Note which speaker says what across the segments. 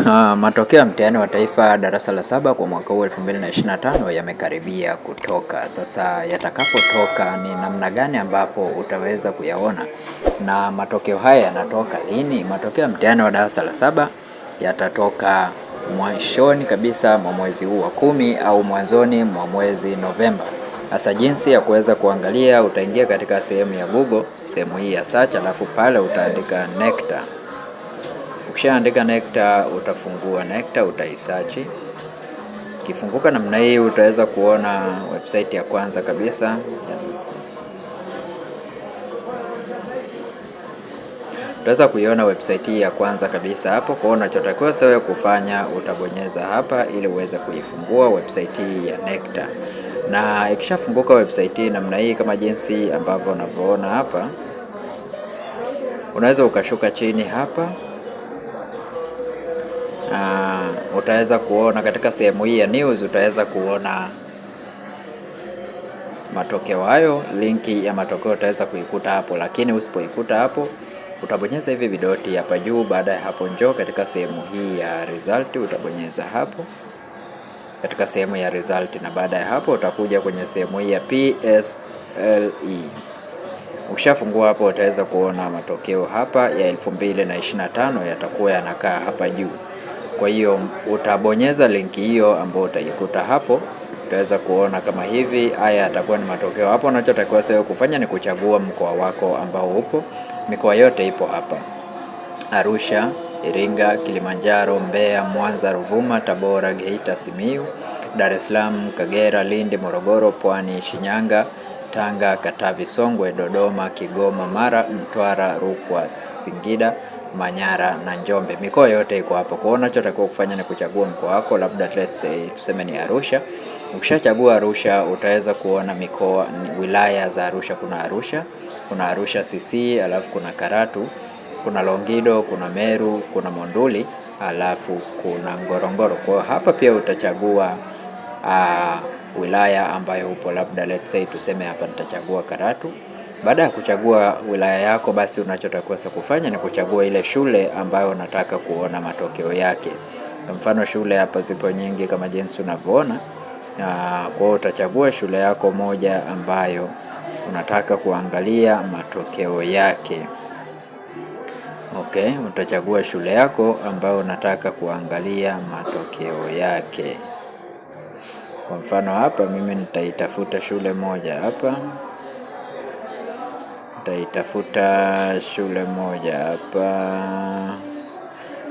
Speaker 1: Uh, matokeo ya mtihani wa taifa darasa la saba kwa mwaka huu 2025 yamekaribia kutoka. Sasa yatakapotoka ni namna gani ambapo utaweza kuyaona, na matokeo haya yanatoka lini? Matokeo ya mtihani wa darasa la saba yatatoka mwishoni kabisa mwa mwezi huu wa kumi au mwanzoni mwa mwezi Novemba. Sasa jinsi ya kuweza kuangalia, utaingia katika sehemu ya Google, sehemu hii ya search, alafu pale utaandika NECTA Ukishaandika NECTA utafungua NECTA, utaisearch. Ikifunguka namna hii, utaweza kuona website ya kwanza kabisa. Utaweza kuiona website hii ya kwanza kabisa hapo. Kwa hiyo unachotakiwa kufanya, utabonyeza hapa ili uweze kuifungua website hii ya NECTA, na ikishafunguka website hii namna hii kama jinsi ambavyo unavyoona hapa, unaweza ukashuka chini hapa uh, utaweza kuona katika sehemu hii ya news, utaweza kuona matokeo hayo. Linki ya matokeo utaweza kuikuta hapo, lakini usipoikuta hapo utabonyeza hivi vidoti hapa juu. Baada ya hapo, njoo katika sehemu hii ya result, utabonyeza hapo katika sehemu ya result, na baada ya hapo utakuja kwenye sehemu hii ya PSLE. Ukishafungua hapo, utaweza kuona matokeo hapa ya 2025 yatakuwa yanakaa hapa juu. Kwa hiyo utabonyeza linki hiyo ambayo utaikuta hapo, utaweza kuona kama hivi. Haya yatakuwa ni matokeo hapo. Unachotakiwa sasa kufanya ni kuchagua mkoa wako ambao upo. Mikoa yote ipo hapa: Arusha, Iringa, Kilimanjaro, Mbeya, Mwanza, Ruvuma, Tabora, Geita, simiu Dar es Salaam, Kagera, Lindi, Morogoro, Pwani, Shinyanga, Tanga, Katavi, Songwe, Dodoma, Kigoma, Mara, Mtwara, Rukwa, Singida Manyara na Njombe, mikoa yote iko hapo. Kwa hiyo unachotakiwa kufanya ni kuchagua mkoa wako, labda let's say tuseme ni Arusha. Ukishachagua Arusha utaweza kuona mikoa, wilaya za Arusha. Kuna Arusha, kuna Arusha CC, alafu kuna Karatu, kuna Longido, kuna Meru, kuna Monduli, alafu kuna Ngorongoro. Kwa hiyo hapa pia utachagua uh, wilaya ambayo upo, labda let's say tuseme hapa nitachagua Karatu baada ya kuchagua wilaya yako, basi unachotakiwa kufanya ni kuchagua ile shule ambayo unataka kuona matokeo yake. Kwa mfano shule hapa zipo nyingi kama jinsi unavyoona. Kwa hiyo utachagua shule yako moja ambayo unataka kuangalia matokeo yake. Okay, utachagua shule yako ambayo unataka kuangalia matokeo yake. Kwa mfano hapa mimi nitaitafuta shule moja hapa nitaitafuta shule moja hapa.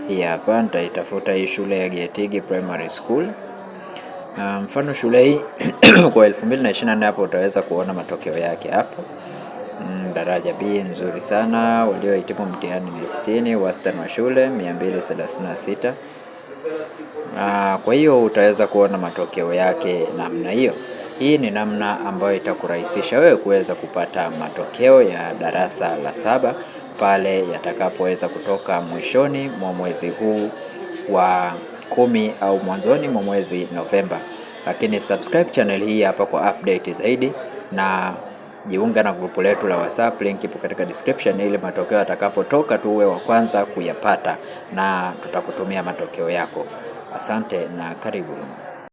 Speaker 1: Hii hapa nitaitafuta hii shule ya Getigi Primary School. Mfano um, shule hii kwa 2024 hapo utaweza kuona matokeo yake hapo. Mm, daraja B nzuri sana, waliohitimu mtihani ni 60, wastani wa shule 236. Uh, ah, kwa hiyo utaweza kuona matokeo yake namna hiyo. Hii ni namna ambayo itakurahisisha wewe kuweza kupata matokeo ya darasa la saba pale yatakapoweza kutoka mwishoni mwa mwezi huu wa kumi au mwanzoni mwa mwezi Novemba. Lakini subscribe channel hii hapa kwa update zaidi na jiunga na grupu letu la WhatsApp, link ipo katika description, ili matokeo yatakapotoka tu uwe wa kwanza kuyapata na tutakutumia matokeo yako. Asante na karibu.